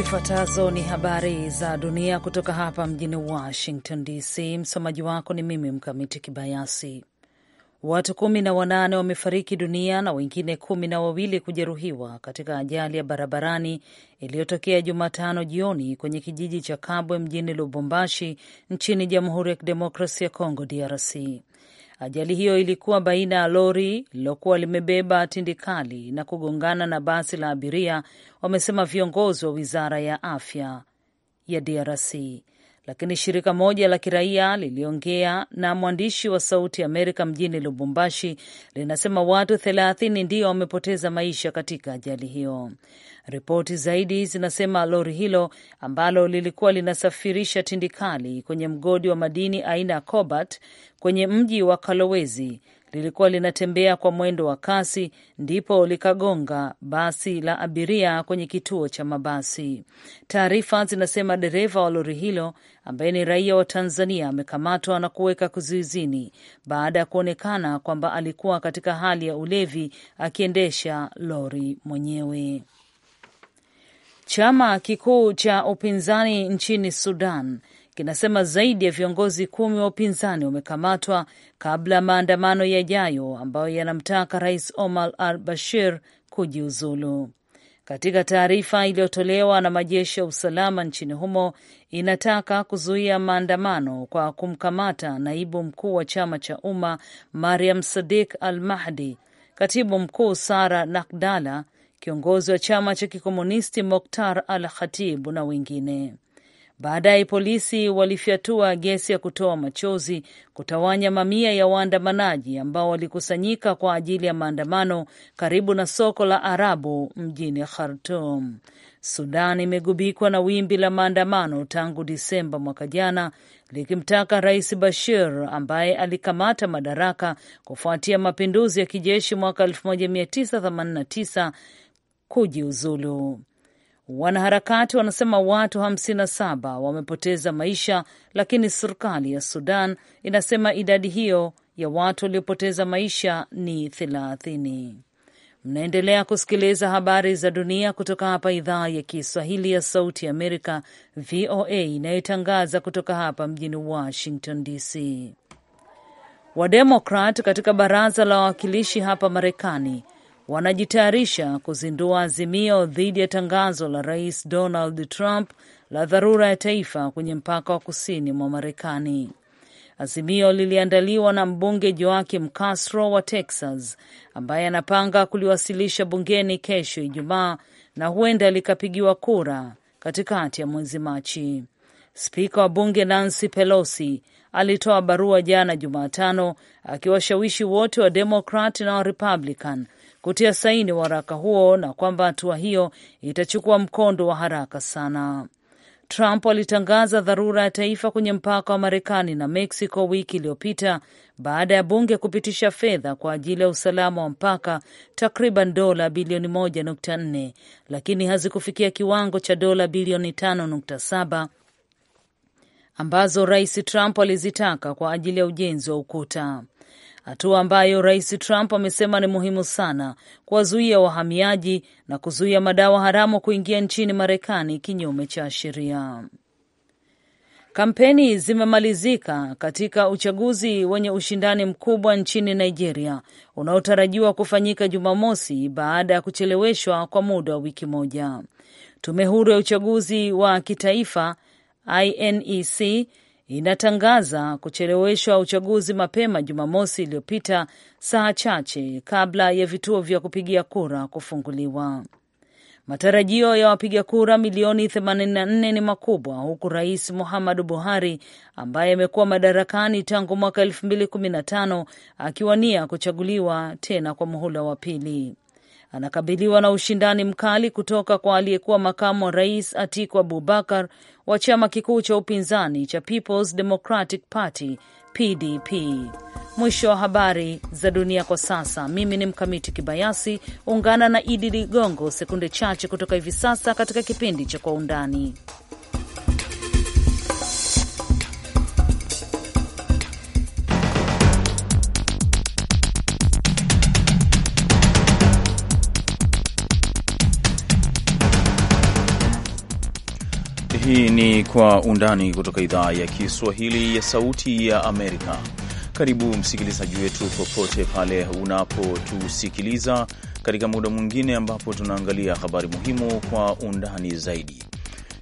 Zifuatazo ni habari za dunia kutoka hapa mjini Washington DC. Msomaji wako ni mimi Mkamiti Kibayasi. Watu kumi na wanane wamefariki dunia na wengine kumi na wawili kujeruhiwa katika ajali ya barabarani iliyotokea Jumatano jioni kwenye kijiji cha Kabwe mjini Lubumbashi nchini Jamhuri ya Kidemokrasia ya Kongo DRC. Ajali hiyo ilikuwa baina ya lori lililokuwa limebeba tindikali na kugongana na basi la abiria, wamesema viongozi wa wizara ya afya ya DRC lakini shirika moja la kiraia liliongea na mwandishi wa Sauti Amerika mjini Lubumbashi linasema watu thelathini ndio wamepoteza maisha katika ajali hiyo. Ripoti zaidi zinasema lori hilo ambalo lilikuwa linasafirisha tindikali kwenye mgodi wa madini aina ya cobalt kwenye mji wa Kalowezi lilikuwa linatembea kwa mwendo wa kasi ndipo likagonga basi la abiria kwenye kituo cha mabasi. Taarifa zinasema dereva wa lori hilo ambaye ni raia wa Tanzania amekamatwa na kuweka kizuizini baada ya kuonekana kwamba alikuwa katika hali ya ulevi akiendesha lori mwenyewe. Chama kikuu cha upinzani nchini Sudan kinasema zaidi ya viongozi kumi wa upinzani wamekamatwa kabla ya maandamano yajayo ambayo yanamtaka Rais Omar al Bashir kujiuzulu. Katika taarifa iliyotolewa na majeshi ya usalama nchini humo, inataka kuzuia maandamano kwa kumkamata naibu mkuu wa chama cha umma Mariam sadik al Mahdi, katibu mkuu Sara Nakdala, kiongozi wa chama cha kikomunisti Moktar al Khatibu na wengine. Baadaye polisi walifyatua gesi ya kutoa machozi kutawanya mamia ya waandamanaji ambao walikusanyika kwa ajili ya maandamano karibu na soko la Arabu mjini khartum Sudan imegubikwa na wimbi la maandamano tangu Disemba mwaka jana likimtaka Rais Bashir ambaye alikamata madaraka kufuatia mapinduzi ya kijeshi mwaka 1989 kujiuzulu. Wanaharakati wanasema watu 57 wamepoteza maisha, lakini serikali ya Sudan inasema idadi hiyo ya watu waliopoteza maisha ni 30. Mnaendelea kusikiliza habari za dunia kutoka hapa idhaa ya Kiswahili ya Sauti Amerika, VOA, inayotangaza kutoka hapa mjini Washington DC. Wademokrat katika baraza la wawakilishi hapa Marekani wanajitayarisha kuzindua azimio dhidi ya tangazo la Rais Donald Trump la dharura ya taifa kwenye mpaka wa kusini mwa Marekani. Azimio liliandaliwa na mbunge Joakim Castro wa Texas, ambaye anapanga kuliwasilisha bungeni kesho Ijumaa na huenda likapigiwa kura katikati ya mwezi Machi. Spika wa bunge Nancy Pelosi alitoa barua jana Jumatano akiwashawishi wote wa Demokrat na wa Republican kutia saini waraka huo na kwamba hatua hiyo itachukua mkondo wa haraka sana. Trump alitangaza dharura ya taifa kwenye mpaka wa Marekani na Mexico wiki iliyopita baada ya bunge kupitisha fedha kwa ajili ya usalama wa mpaka takriban dola bilioni 1.4 lakini hazikufikia kiwango cha dola bilioni 5.7 ambazo Rais Trump alizitaka kwa ajili ya ujenzi wa ukuta hatua ambayo Rais Trump amesema ni muhimu sana kuwazuia wahamiaji na kuzuia madawa haramu kuingia nchini Marekani kinyume cha sheria. Kampeni zimemalizika katika uchaguzi wenye ushindani mkubwa nchini Nigeria unaotarajiwa kufanyika Jumamosi baada ya kucheleweshwa kwa muda wa wiki moja. Tume huru ya uchaguzi wa kitaifa INEC inatangaza kucheleweshwa uchaguzi mapema Jumamosi iliyopita saa chache kabla ya vituo vya kupigia kura kufunguliwa. Matarajio ya wapiga kura milioni 84 ni makubwa, huku Rais Muhammadu Buhari ambaye amekuwa madarakani tangu mwaka 2015 akiwania kuchaguliwa tena kwa muhula wa pili. Anakabiliwa na ushindani mkali kutoka kwa aliyekuwa makamu wa rais Atiku Abubakar wa chama kikuu cha upinzani cha Peoples Democratic Party PDP. Mwisho wa habari za dunia kwa sasa. Mimi ni Mkamiti Kibayasi, ungana na Idi Ligongo sekunde chache kutoka hivi sasa katika kipindi cha Kwa Undani. ni Kwa Undani kutoka idhaa ya Kiswahili ya Sauti ya Amerika. Karibu msikilizaji wetu popote pale unapotusikiliza katika muda mwingine ambapo tunaangalia habari muhimu kwa undani zaidi.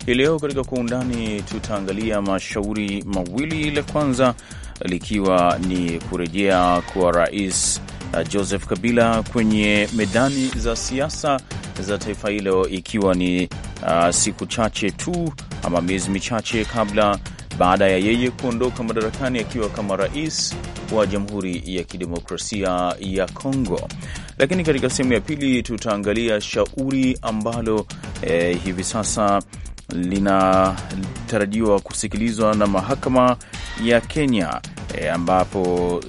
Hii leo katika Kwa Undani tutaangalia mashauri mawili, la kwanza likiwa ni kurejea kwa Rais uh, Joseph Kabila kwenye medani za siasa za taifa hilo ikiwa ni uh, siku chache tu ama miezi michache kabla baada ya yeye kuondoka madarakani akiwa kama rais wa Jamhuri ya Kidemokrasia ya Kongo. Lakini katika sehemu ya pili tutaangalia shauri ambalo eh, hivi sasa linatarajiwa kusikilizwa na mahakama ya Kenya eh, ambapo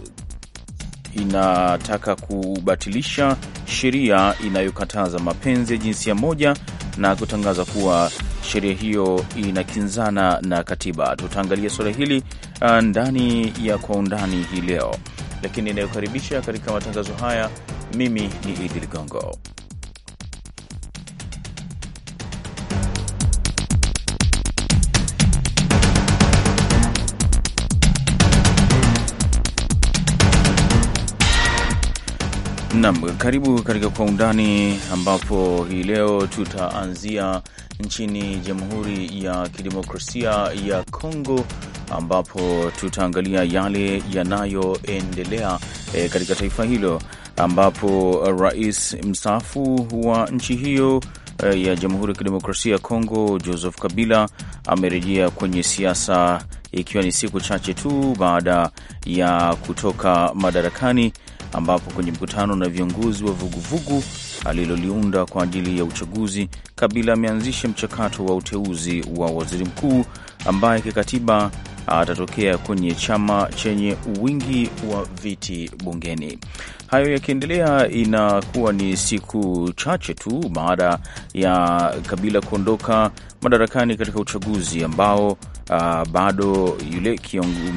inataka kubatilisha sheria inayokataza mapenzi ya jinsia moja na kutangaza kuwa sheria hiyo inakinzana na katiba. Tutaangalia suala hili uh, ndani ya kwa undani hii leo, lakini inayokaribisha katika matangazo haya, mimi ni Idi Ligongo. Nam, karibu katika Kwa Undani, ambapo hii leo tutaanzia nchini Jamhuri ya Kidemokrasia ya Kongo, ambapo tutaangalia yale yanayoendelea e, katika taifa hilo, ambapo rais mstaafu wa nchi hiyo e, ya Jamhuri ya Kidemokrasia ya Kongo, Joseph Kabila amerejea kwenye siasa ikiwa ni siku chache tu baada ya kutoka madarakani ambapo kwenye mkutano na viongozi wa vuguvugu aliloliunda kwa ajili ya uchaguzi, Kabila ameanzisha mchakato wa uteuzi wa waziri mkuu ambaye kikatiba atatokea kwenye chama chenye wingi wa viti bungeni. Hayo yakiendelea, inakuwa ni siku chache tu baada ya Kabila kuondoka madarakani katika uchaguzi ambao uh, bado yule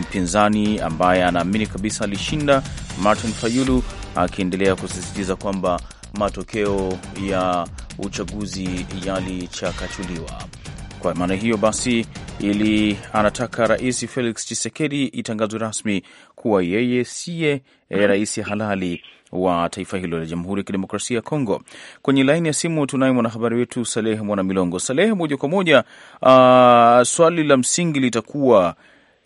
mpinzani ambaye anaamini kabisa alishinda Martin Fayulu akiendelea uh, kusisitiza kwamba matokeo ya uchaguzi yalichakachuliwa. Kwa maana hiyo basi, ili anataka Rais Felix Tshisekedi itangazwe rasmi kuwa yeye siye eh, rais halali wa taifa hilo la Jamhuri ya Kidemokrasia ya Kongo. Kwenye laini ya simu tunaye mwanahabari wetu Salehe Mwanamilongo. Salehe, moja kwa moja, ah, swali la msingi litakuwa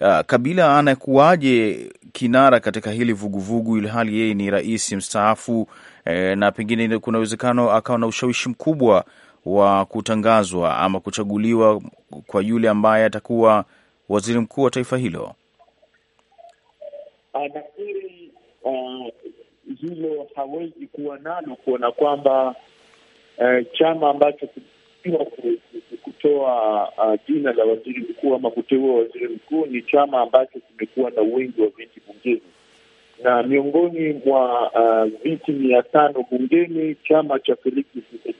Uh, Kabila anakuwaje kinara katika hili vuguvugu ili hali yeye ni rais mstaafu eh, na pengine kuna uwezekano akawa na ushawishi mkubwa wa kutangazwa ama kuchaguliwa kwa yule ambaye atakuwa waziri mkuu wa taifa hilo? Ah, nafikiri uh, hilo hawezi kuwa nalo kuona kwamba uh, chama ambacho kiwa kutoa uh, jina la waziri mkuu ama kuteua waziri mkuu ni chama ambacho kimekuwa na wingi wa viti bungeni, na miongoni mwa uh, viti mia tano bungeni chama cha Felix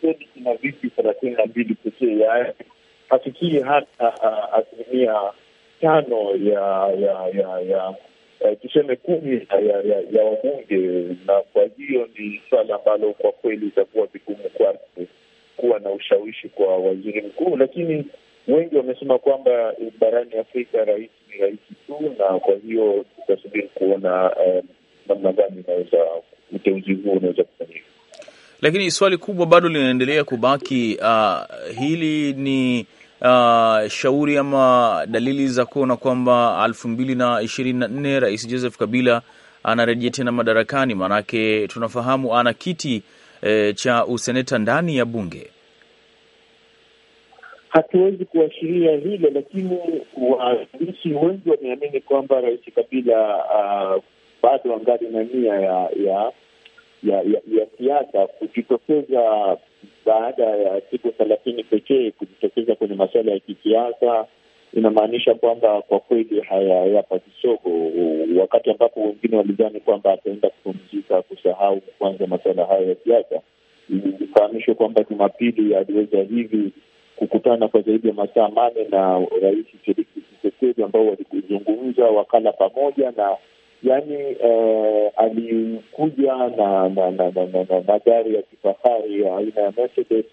United ina viti thelathini na mbili pekee, yaani hafikii hata asilimia tano ya ya ya ya tuseme kumi ya wabunge, na kwa hiyo ni swala ambalo kwa kweli itakuwa vigumu kwake kuwa na ushawishi kwa waziri mkuu, lakini wengi wamesema kwamba eh, barani Afrika rais ni rais tu, na kwa hiyo tutasubiri kuona eh, namna gani inaweza uteuzi huo unaweza kufanyika. Lakini swali kubwa bado linaendelea kubaki uh, hili ni Uh, shauri ama dalili za kuona kwamba elfu mbili na ishirini na nne Rais Joseph Kabila anarejea tena madarakani, maanake tunafahamu ana kiti eh, cha useneta ndani ya bunge. Hatuwezi kuashiria hilo, lakini waandishi wengi wameamini kwamba Rais Kabila uh, bado angali na nia ya, ya ya, ya, ya siasa kujitokeza baada ya siku thelathini pekee kujitokeza kwenye masuala ya kisiasa inamaanisha kwamba kwa kweli hayayapa kisogo, wakati ambapo wengine walidhani kwamba ataenda kupumzika, kusahau kwanza masuala hayo ya siasa. Ifahamishwe kwamba Jumapili aliweza hivi kukutana kwa zaidi ya masaa mane na Rais Felix Tshisekedi ambao walizungumza wakala pamoja na yani eh, alikuja na na na magari ya kifahari ya aina ya Mercedes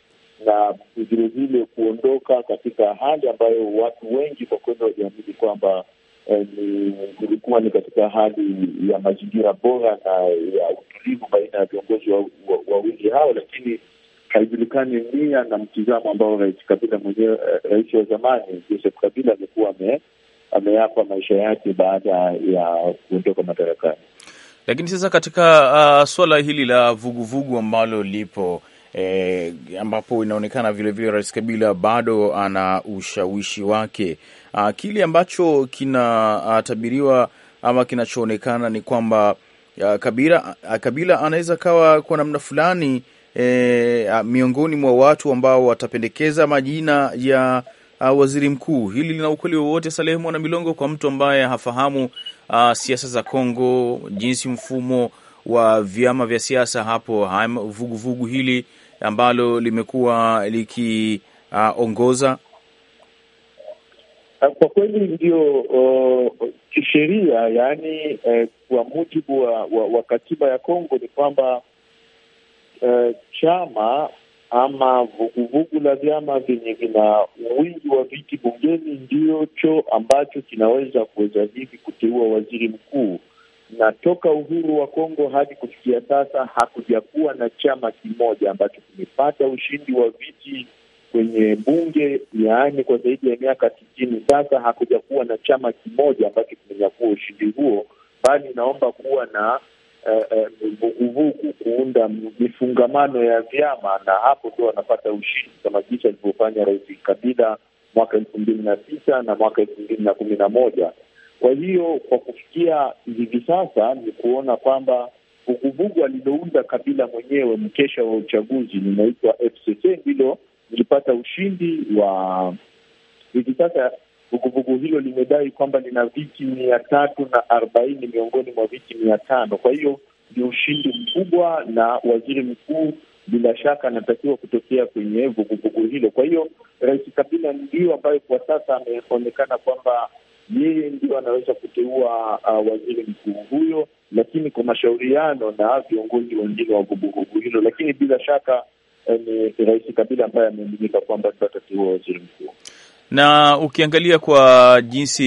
na vilevile kuondoka katika hali ambayo watu wengi kwa kweli waliamini kwamba eh, kulikuwa eh, ni katika hali ya mazingira bora na ya utulivu baina ya viongozi wawili wa, wa hao, lakini haijulikani nia na mtizamo ambao rais Kabila mwenyewe, eh, rais wa zamani Joseph Kabila amekuwa ame ameyapa maisha yake baada ya kuondoka madarakani. Lakini sasa katika uh, suala hili la vuguvugu ambalo lipo E, ambapo inaonekana vilevile Rais Kabila bado ana ushawishi wake. Uh, kile ambacho kinatabiriwa uh, ama kinachoonekana ni kwamba a, uh, Kabila, a, Kabila anaweza kawa kwa namna fulani e, eh, a, miongoni mwa watu ambao watapendekeza majina ya uh, waziri mkuu. Hili lina ukweli wowote, Salehe Mwana Milongo, kwa mtu ambaye hafahamu uh, siasa za Kongo, jinsi mfumo wa vyama vya siasa hapo vuguvugu vugu hili ambalo limekuwa likiongoza? Ah, uh, kwa kweli ndio uh, kisheria yaani, uh, kwa mujibu wa, wa, wa katiba ya Kongo ni kwamba eh, chama ama vuguvugu la vyama vyenye vina wingi wa viti bungeni ndiocho ambacho kinaweza kuweza hivi kuteua waziri mkuu. Na toka uhuru wa Kongo hadi kufikia sasa hakujakuwa na chama kimoja ambacho kimepata ushindi wa viti kwenye bunge, yaani kwa zaidi ya miaka sitini sasa hakujakuwa na chama kimoja ambacho kimenyakua ushindi huo, bali inaomba kuwa na Eh, eh, vuguvugu uh, kuunda mifungamano ya vyama, na hapo ndio wanapata ushindi kama jinsi alivyofanya Rais Kabila mwaka elfu mbili na tisa na mwaka elfu mbili na kumi na moja. Kwa hiyo kwa kufikia hivi sasa ni kuona kwamba vuguvugu alilounda Kabila mwenyewe mkesha wa uchaguzi linaitwa FCC ndilo lilipata ushindi wa hivi sasa Vuguvugu hilo limedai kwamba lina viti mia tatu na arobaini miongoni mwa viti mia tano. Kwa hiyo ni ushindi mkubwa, na waziri mkuu bila shaka anatakiwa kutokea kwenye vuguvugu hilo. Kwa hiyo Rais Kabila ndio ambayo kwa sasa ameonekana kwamba yeye ndio anaweza kuteua uh, waziri mkuu huyo, lakini kwa mashauriano na viongozi wengine wa vuguvugu hilo, lakini bila shaka eh, ni Rais Kabila ambaye ameaminika kwamba ndio atateua waziri mkuu na ukiangalia kwa jinsi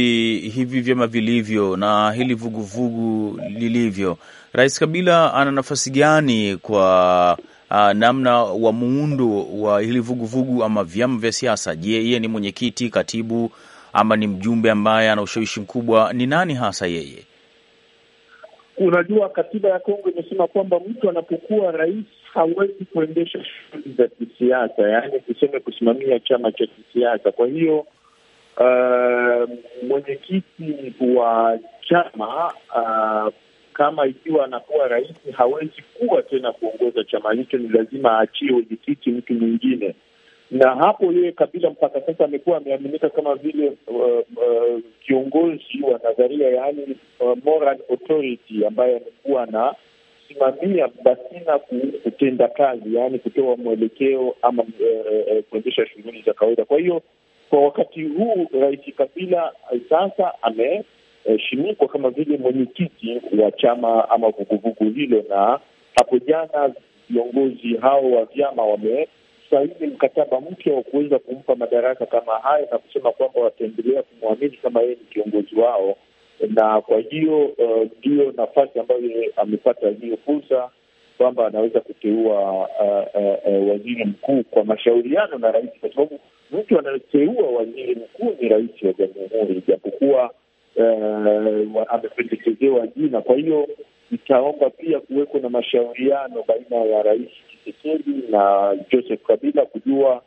hivi vyama vilivyo na hili vuguvugu lilivyo, Rais Kabila ana nafasi gani kwa Uh, namna wa muundo wa hili vuguvugu ama vyama vya siasa. Je, yeye ni mwenyekiti, katibu ama ni mjumbe ambaye ana ushawishi mkubwa? Ni nani hasa yeye? Unajua, katiba ya Kongo imesema kwamba mtu anapokuwa rais hawezi kuendesha shughuli za kisiasa, yaani tuseme kusimamia chama cha kisiasa. Kwa hiyo uh, mwenyekiti wa chama uh, kama ikiwa anakuwa rais hawezi kuwa tena kuongoza chama hicho, ni lazima aachie wenyekiti mtu mwingine, na hapo yeye Kabila mpaka sasa amekuwa ameaminika kama vile uh, uh, kiongozi wa nadharia, yaani uh, moral authority ambaye amekuwa na kusimamia basi na kutenda kazi, yaani kutoa mwelekeo ama e, kuendesha shughuli za kawaida. Kwa hiyo kwa wakati huu Rais Kabila eh, sasa ameshimikwa e, kama vile mwenyekiti wa chama ama vuguvugu hilo, na hapo jana viongozi hao wa vyama wamesaini mkataba mpya wa kuweza kumpa madaraka kama hayo na kusema kwamba wataendelea kumwamini kama yeye ni kiongozi wao na kwa hiyo ndiyo uh, nafasi ambayo amepata hiyo fursa kwamba anaweza kuteua uh, uh, uh, waziri mkuu kwa mashauriano na rais, kwa sababu mtu anayeteua waziri mkuu ni rais wa jamhuri, japokuwa uh, amependekezewa jina. Kwa hiyo itaomba pia kuweko na mashauriano baina ya rais Tshisekedi na Joseph Kabila kujua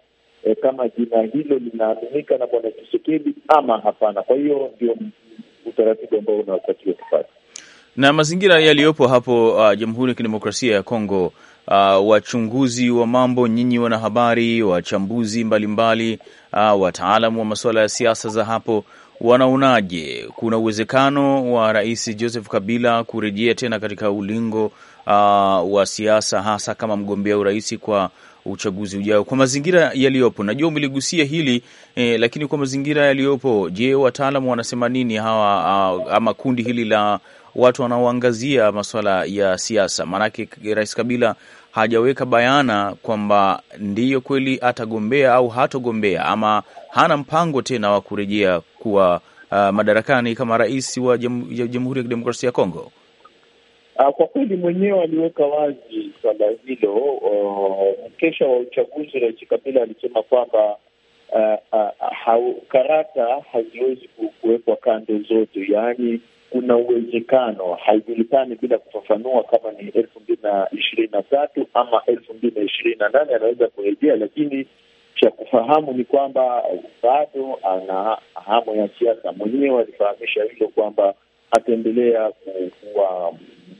eh, kama jina hilo linaaminika na bwana Tshisekedi ama hapana. Kwa hiyo ndio utaratibu ambao unatakiwa kufata na mazingira yaliyopo hapo uh, Jamhuri ya Kidemokrasia ya Kongo. Uh, wachunguzi wa mambo, nyinyi wanahabari, wachambuzi mbalimbali, uh, wataalamu wa masuala ya siasa za hapo, wanaonaje? Kuna uwezekano wa Rais Joseph Kabila kurejea tena katika ulingo uh, wa siasa, hasa kama mgombea urais kwa uchaguzi ujao kwa mazingira yaliyopo. Najua umeligusia hili eh, lakini kwa mazingira yaliyopo, je, wataalamu wanasema nini hawa ah, ama kundi hili la watu wanaoangazia masuala ya siasa? Maanake Rais Kabila hajaweka bayana kwamba ndiyo kweli atagombea au hatogombea ama hana mpango tena wa kurejea kuwa uh, madarakani kama rais wa Jamhuri ya Kidemokrasia ya Kongo. Uh, kwa kweli mwenyewe aliweka wazi swala hilo uh, mkesha wa uchaguzi. Rais Kabila alisema kwamba uh, uh, karata haziwezi kuwekwa kando zote, yaani kuna uwezekano, haijulikani bila kufafanua kama ni elfu mbili na ishirini na tatu ama elfu mbili na ishirini na nane anaweza kurejea, lakini cha kufahamu ni kwamba bado ana hamu ya siasa. Mwenyewe alifahamisha hilo kwamba ataendelea kuwa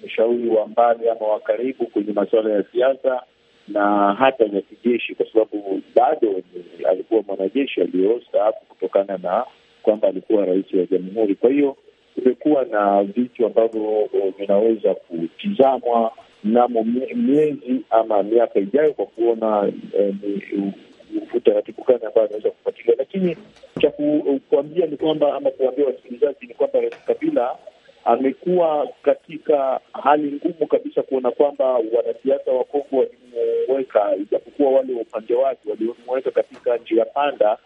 mshauri wa mbali ama wa karibu kwenye masuala ya siasa na hata ya kijeshi, kwa sababu bado alikuwa mwanajeshi aliyostaafu kutokana na kwamba alikuwa rais wa jamhuri. Kwa hiyo kumekuwa na vitu ambavyo eh, vinaweza kutizamwa mnamo miezi ama miaka ijayo kwa kuona eh, ni utaratibu gani ambayo anaweza kufuatilia, lakini cha kuambia ni kwamba ama kuambia wasikilizaji ni kwamba Rais Kabila amekuwa katika hali ngumu kabisa kuona kwamba wanasiasa wa Kongo walimuweka, ijapokuwa wale wa upande wake walimuweka katika njia panda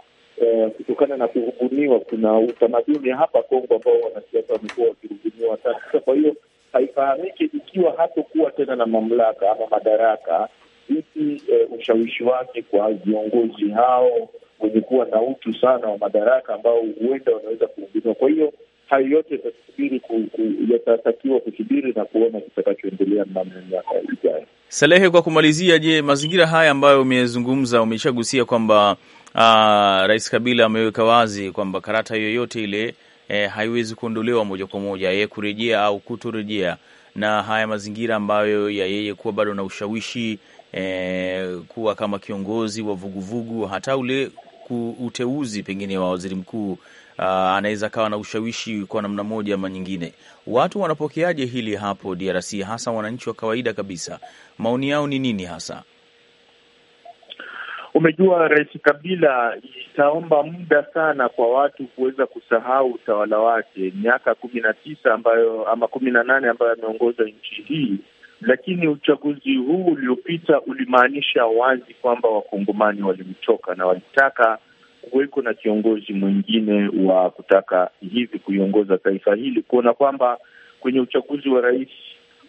eh, kutokana na kuhubuniwa. Kuna utamaduni hapa Kongo ambao wanasiasa wamekuwa wakihubuniwa sana. Kwa hiyo haifahamiki ikiwa hatokuwa tena na mamlaka ama madaraka, vipi eh, ushawishi wake kwa viongozi hao wenye kuwa na utu sana wa madaraka ambao huenda wanaweza kuhubuniwa. Kwa hiyo hayo yote yatasubiri yatatakiwa kusubiri na kuona kitakachoendelea mnamo miaka ijayo. Salehe, kwa kumalizia, je, mazingira haya ambayo umezungumza, umeshagusia kwamba Uh, Rais Kabila ameweka wazi kwamba karata yoyote ile eh, haiwezi kuondolewa moja kwa moja, yeye kurejea au kutorejea, na haya mazingira ambayo ya yeye kuwa bado na ushawishi eh, kuwa kama kiongozi wa vuguvugu, hata ule uteuzi pengine wa waziri mkuu uh, anaweza kawa na ushawishi kwa namna moja ama nyingine. Watu wanapokeaje hili hapo DRC, hasa wananchi wa kawaida kabisa? Maoni yao ni nini hasa? Umejua, Rais Kabila itaomba muda sana kwa watu kuweza kusahau utawala wake miaka kumi na tisa ambayo ama kumi na nane ambayo ameongoza nchi hii, lakini uchaguzi huu uliopita ulimaanisha wazi kwamba wakongomani walimchoka na walitaka kuweko na kiongozi mwingine wa kutaka hivi kuiongoza taifa hili, kuona kwamba kwenye uchaguzi wa rais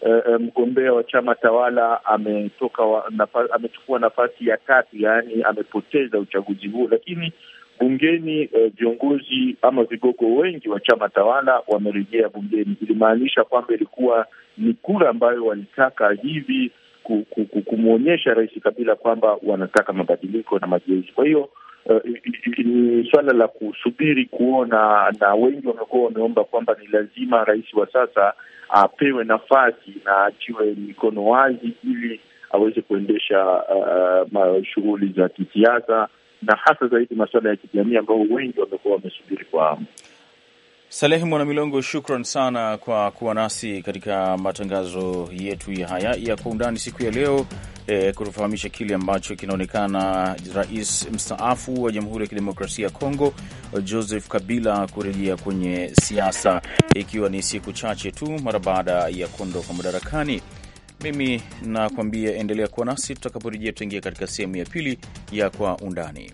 eh, eh mgombea wa chama tawala ametoka nafa, amechukua nafasi ya tatu, yaani amepoteza uchaguzi huo, lakini bungeni eh, viongozi ama vigogo wengi wa chama tawala wamerejea bungeni. Ilimaanisha kwamba ilikuwa ni kura ambayo walitaka hivi kumwonyesha Rais Kabila kwamba wanataka mabadiliko na mageuzi. Kwa hiyo Uh, ni suala la kusubiri kuona, na wengi wamekuwa wameomba kwamba ni lazima rais wa sasa apewe nafasi na achiwe mikono wazi ili aweze kuendesha uh, shughuli za kisiasa na hasa zaidi masuala ya kijamii ambayo wengi wamekuwa wamesubiri kwa hamu. Salehi Mwanamilongo, shukran sana kwa kuwa nasi katika matangazo yetu ya haya ya kwa undani siku ya leo e, kutufahamisha kile ambacho kinaonekana rais mstaafu wa Jamhuri ya Kidemokrasia ya Kongo Joseph Kabila kurejea kwenye siasa ikiwa ni siku chache tu mara baada ya kuondoka madarakani. Mimi nakuambia endelea kuwa nasi tutakaporejea, tutaingia katika sehemu ya pili ya kwa undani.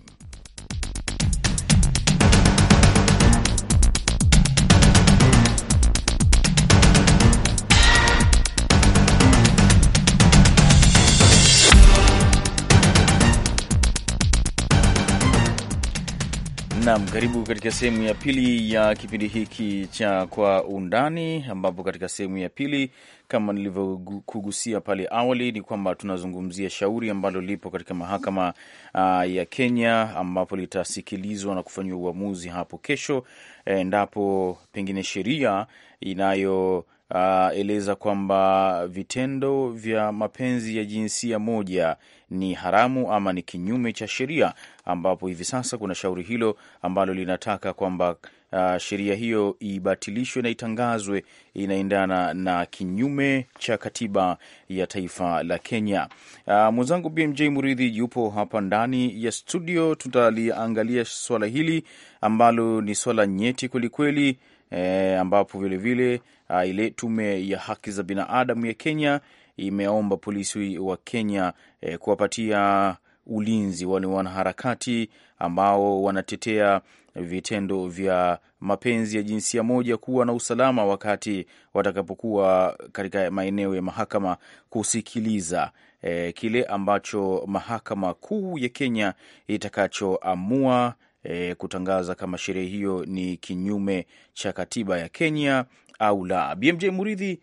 Nam, karibu katika sehemu ya pili ya kipindi hiki cha Kwa Undani, ambapo katika sehemu ya pili kama nilivyokugusia pale awali ni kwamba tunazungumzia shauri ambalo lipo katika mahakama uh, ya Kenya ambapo litasikilizwa na kufanyiwa uamuzi hapo kesho, eh, endapo pengine sheria inayo uh, eleza kwamba vitendo vya mapenzi ya jinsia moja ni haramu ama ni kinyume cha sheria, ambapo hivi sasa kuna shauri hilo ambalo linataka kwamba uh, sheria hiyo ibatilishwe na itangazwe inaendana na kinyume cha katiba ya taifa la Kenya. Uh, mwenzangu BMJ Muridhi yupo hapa ndani ya studio, tutaliangalia swala hili ambalo ni swala nyeti kwelikweli, eh, ambapo vilevile vile, uh, ile tume ya haki za binadamu ya Kenya imeomba polisi wa Kenya eh, kuwapatia ulinzi wale wanaharakati ambao wanatetea vitendo vya mapenzi ya jinsia moja kuwa na usalama wakati watakapokuwa katika maeneo ya mahakama kusikiliza eh, kile ambacho mahakama kuu ya Kenya itakachoamua eh, kutangaza kama sherehe hiyo ni kinyume cha katiba ya Kenya au la. BMJ Muridhi,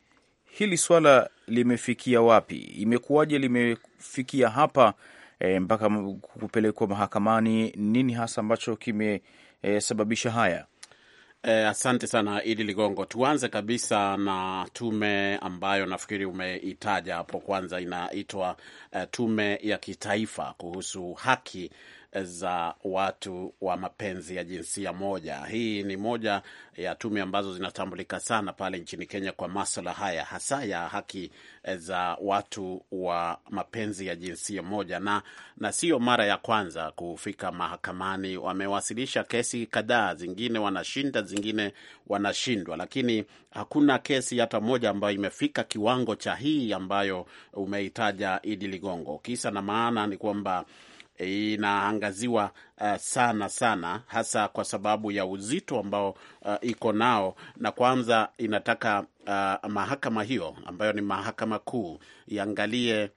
hili swala limefikia wapi? Imekuwaje limefikia hapa e, mpaka kupelekwa mahakamani? Nini hasa ambacho kimesababisha e, haya? E, asante sana Idi Ligongo. Tuanze kabisa na tume ambayo nafikiri umeitaja hapo kwanza, inaitwa e, Tume ya Kitaifa kuhusu Haki za watu wa mapenzi ya jinsia moja. Hii ni moja ya tume ambazo zinatambulika sana pale nchini Kenya kwa maswala haya, hasa ya haki eh, za watu wa mapenzi ya jinsia moja, na na sio mara ya kwanza kufika mahakamani. Wamewasilisha kesi kadhaa, zingine wanashinda, zingine wanashindwa, lakini hakuna kesi hata moja ambayo imefika kiwango cha hii ambayo umeitaja Idi Ligongo. Kisa na maana ni kwamba inaangaziwa uh, sana sana, hasa kwa sababu ya uzito ambao uh, iko nao, na kwanza inataka uh, mahakama hiyo ambayo ni mahakama kuu iangalie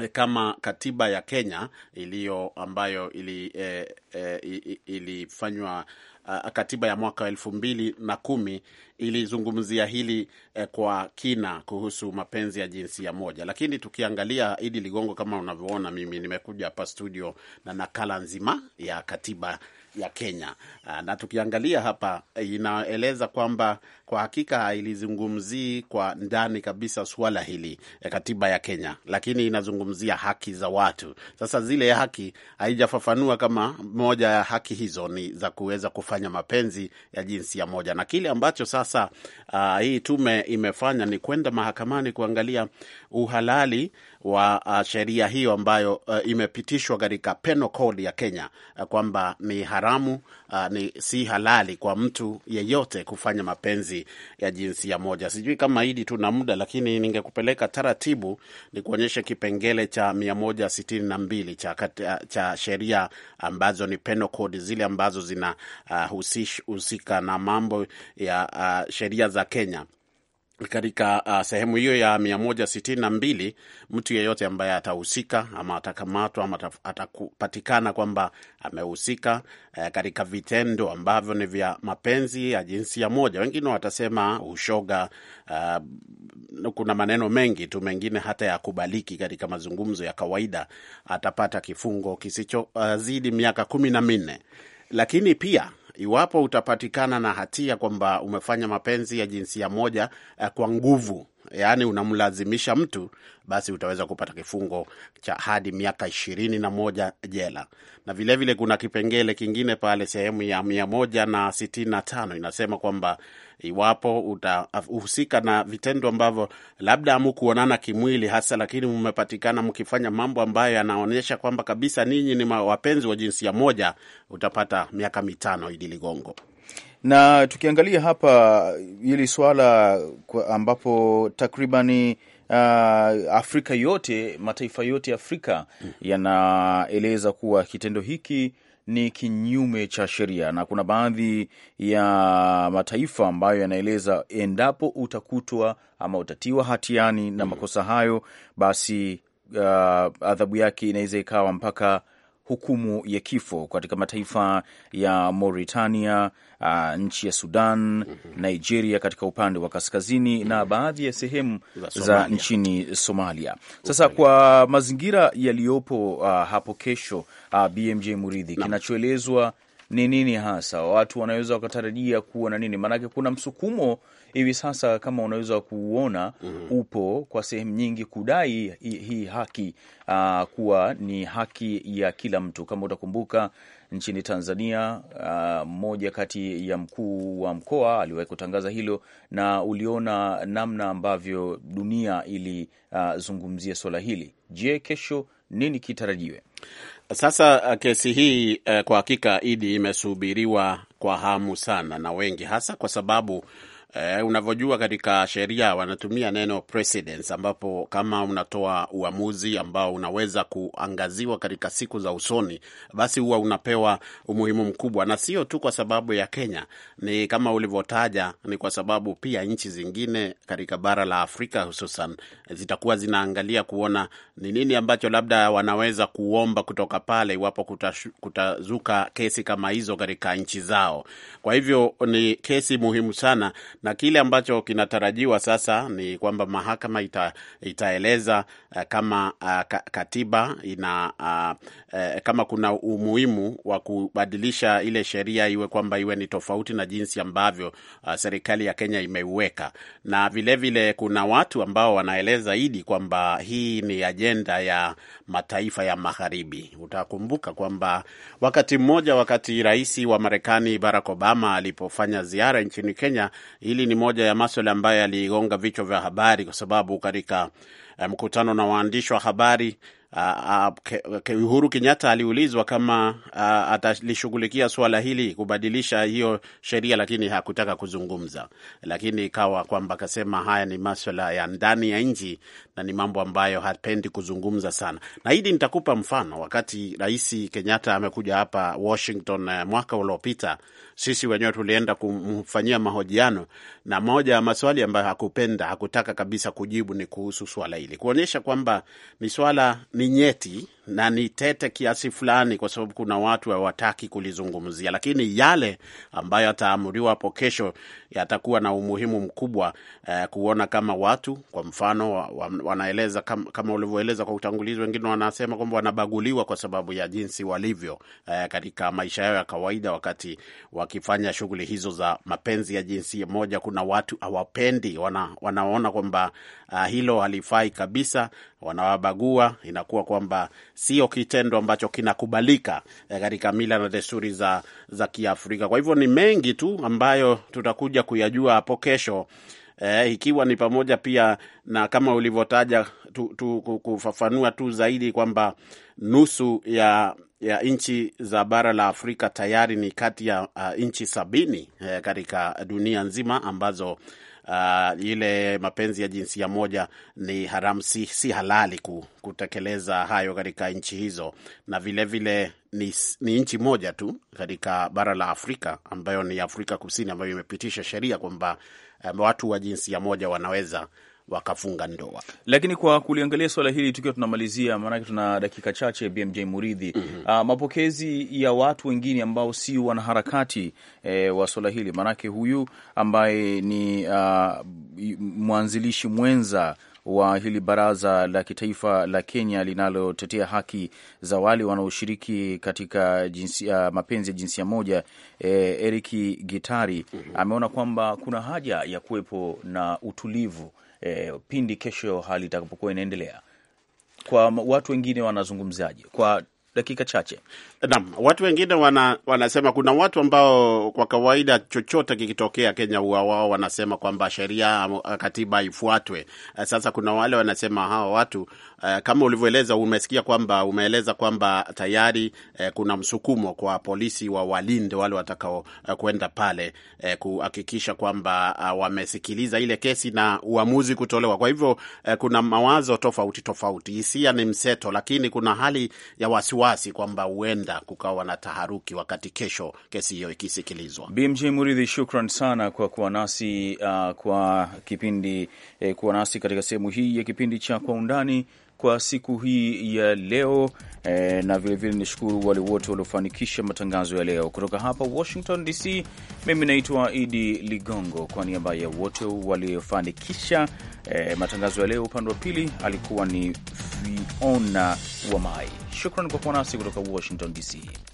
Eh, kama katiba ya Kenya iliyo ambayo ilifanywa eh, eh, ilifanywa uh, katiba ya mwaka wa elfu mbili na kumi ilizungumzia hili eh, kwa kina kuhusu mapenzi ya jinsia moja, lakini tukiangalia, Idi Ligongo, kama unavyoona, mimi nimekuja hapa studio na nakala nzima ya katiba ya Kenya ah, na tukiangalia hapa eh, inaeleza kwamba kwa hakika ilizungumzii kwa ndani kabisa suala hili ya eh, katiba ya Kenya, lakini inazungumzia haki za watu. Sasa zile haki haijafafanua kama moja ya haki hizo ni za kuweza kufanya mapenzi ya jinsia moja, na kile ambacho sasa uh, hii tume imefanya ni kwenda mahakamani kuangalia uhalali wa uh, sheria hiyo ambayo uh, imepitishwa katika penal code ya Kenya uh, kwamba ni haramu uh, ni si halali kwa mtu yeyote kufanya mapenzi ya jinsia moja. Sijui kama hili tuna muda, lakini ningekupeleka taratibu ni kuonyesha kipengele cha mia moja sitini na mbili cha, ah, cha sheria ambazo ni penal code zile ambazo zinahusika ah, uh, na mambo ya uh, sheria za Kenya katika uh, sehemu hiyo ya mia moja mbili mtu yeyote ambaye atahusika ama atakamatwa ama atakupatikana kwamba amehusika uh, katika vitendo ambavyo ni vya mapenzi ya jinsia moja, wengine watasema ushoga. Uh, kuna maneno mengi tu mengine hata yakubaliki katika mazungumzo ya kawaida, atapata kifungo kisichozidi uh, miaka kumi na minne, lakini pia iwapo utapatikana na hatia kwamba umefanya mapenzi ya jinsia moja eh, kwa nguvu yaani unamlazimisha mtu, basi utaweza kupata kifungo cha hadi miaka ishirini na moja jela. Na vilevile vile kuna kipengele kingine pale sehemu ya mia moja na sitini na tano inasema kwamba iwapo utahusika na vitendo ambavyo labda mukuonana kimwili hasa, lakini mmepatikana mkifanya mambo ambayo yanaonyesha kwamba kabisa ninyi ni wapenzi wa jinsia moja, utapata miaka mitano. Idi Ligongo. Na tukiangalia hapa hili swala ambapo takribani uh, Afrika yote mataifa yote Afrika hmm, yanaeleza kuwa kitendo hiki ni kinyume cha sheria, na kuna baadhi ya mataifa ambayo yanaeleza endapo utakutwa ama utatiwa hatiani na mm. makosa hayo, basi uh, adhabu yake inaweza ikawa mpaka hukumu ya kifo katika mataifa ya Mauritania, uh, nchi ya Sudan, mm -hmm. Nigeria katika upande wa kaskazini mm -hmm. na mhm. baadhi ya sehemu za nchini Somalia. Sasa kwa mazingira yaliyopo uh, hapo kesho uh, BMJ Muridhi, kinachoelezwa ni nini hasa watu wanaweza wakatarajia kuwa na nini? Maanake kuna msukumo hivi sasa kama unaweza kuuona mm -hmm. upo kwa sehemu nyingi kudai hii haki uh, kuwa ni haki ya kila mtu. Kama utakumbuka nchini Tanzania, mmoja uh, kati ya mkuu wa mkoa aliwahi kutangaza hilo, na uliona namna ambavyo dunia ilizungumzia uh, swala hili. Je, kesho nini kitarajiwe? Sasa uh, kesi hii eh, kwa hakika Idi imesubiriwa kwa hamu sana na wengi, hasa kwa sababu eh, unavyojua katika sheria wanatumia neno precedence, ambapo kama unatoa uamuzi ambao unaweza kuangaziwa katika siku za usoni, basi huwa unapewa umuhimu mkubwa, na sio tu kwa sababu ya Kenya. Ni kama ulivyotaja, ni kwa sababu pia nchi zingine katika bara la Afrika hususan zitakuwa zinaangalia kuona ni nini ambacho labda wanaweza kuomba kutoka pale iwapo kutazuka kesi kama hizo katika nchi zao. Kwa hivyo ni kesi muhimu sana na kile ambacho kinatarajiwa sasa ni kwamba mahakama ita, itaeleza uh, kama uh, katiba ina uh, uh, kama kuna umuhimu wa kubadilisha ile sheria iwe kwamba iwe ni tofauti na jinsi ambavyo uh, serikali ya Kenya imeiweka, na vilevile vile kuna watu ambao wanaeleza idi kwamba hii ni ajenda ya mataifa ya magharibi. Utakumbuka kwamba wakati mmoja, wakati rais wa Marekani Barack Obama alipofanya ziara nchini Kenya hili ni moja ya maswala ambayo yaligonga vichwa vya habari, kwa sababu katika eh, mkutano na waandishi wa habari uh, Uhuru Kenyatta aliulizwa kama uh, atalishughulikia suala hili kubadilisha hiyo sheria, lakini hakutaka kuzungumza. Lakini ikawa kwamba akasema haya ni maswala ya ndani ya nchi na ni mambo ambayo hapendi kuzungumza sana. Na hili nitakupa mfano, wakati Rais Kenyatta amekuja hapa Washington uh, mwaka uliopita, sisi wenyewe tulienda kumfanyia mahojiano, na moja ya maswali ambayo hakupenda, hakutaka kabisa kujibu ni kuhusu swala hili, kuonyesha kwamba ni swala Minyeti na ni tete kiasi fulani, kwa sababu kuna watu hawataki wa kulizungumzia, lakini yale ambayo yataamuliwa hapo kesho yatakuwa na umuhimu mkubwa eh, kuona kama watu kwa mfano wanaeleza kam, kama ulivyoeleza kwa utangulizi, wengine wanasema kwamba wanabaguliwa kwa sababu ya jinsi walivyo eh, katika maisha yao ya kawaida, wakati wakifanya shughuli hizo za mapenzi ya jinsia moja. Kuna watu hawapendi, wana, wanaona kwamba uh, hilo halifai kabisa, wanawabagua, inakuwa kwamba sio kitendo ambacho kinakubalika eh, katika mila na desturi za, za Kiafrika. Kwa hivyo ni mengi tu ambayo tutakuja kuyajua hapo kesho. Eh, ikiwa ni pamoja pia na kama ulivyotaja tu, tu, kufafanua tu zaidi kwamba nusu ya, ya nchi za bara la Afrika tayari ni kati ya uh, nchi sabini eh, katika dunia nzima ambazo uh, ile mapenzi ya jinsia moja ni haramu, si, si halali kutekeleza hayo katika nchi hizo, na vilevile vile ni, ni nchi moja tu katika bara la Afrika ambayo ni Afrika Kusini ambayo imepitisha sheria kwamba um, watu wa jinsia moja wanaweza wakafunga ndoa. Lakini kwa kuliangalia swala hili tukiwa tunamalizia, maanake tuna dakika chache, BMJ Muridhi, mm -hmm. uh, mapokezi ya watu wengine ambao si wanaharakati eh, wa swala hili, maanake huyu ambaye ni uh, mwanzilishi mwenza wa hili baraza la kitaifa la Kenya linalotetea haki za wale wanaoshiriki katika uh, mapenzi ya jinsia moja eh, Eriki Gitari mm -hmm. ameona kwamba kuna haja ya kuwepo na utulivu e, pindi kesho hali itakapokuwa inaendelea, kwa watu wengine wanazungumzaje kwa dakika chache. Naam, watu wengine wana, wanasema kuna watu ambao kwa kawaida chochote kikitokea Kenya ua wao wanasema kwamba sheria, katiba ifuatwe. Eh, sasa kuna wale wanasema hawa watu uh, kama ulivyoeleza, umesikia kwamba umeeleza kwamba tayari eh, kuna msukumo kwa polisi wa walinde wale watakao eh, kwenda pale eh, kuhakikisha kwamba ah, wamesikiliza ile kesi na uamuzi kutolewa. Kwa hivyo eh, kuna mawazo tofauti tofauti, hisia ni mseto, lakini kuna hali ya wasiwasi kwamba huenda kukawa na taharuki wakati kesho kesi hiyo ikisikilizwa. BMJ Muridhi, shukran sana kwa kuwa nasi uh, kwa kipindi eh, kuwa nasi katika sehemu hii ya kipindi cha Kwa Undani kwa siku hii ya leo e, na vilevile nishukuru wale wote waliofanikisha matangazo ya leo kutoka hapa Washington DC. Mimi naitwa Idi Ligongo, kwa niaba ya wote waliofanikisha e, matangazo ya leo. Upande wa pili alikuwa ni Fiona Wamai. Shukran kwa kuwa nasi kutoka Washington DC.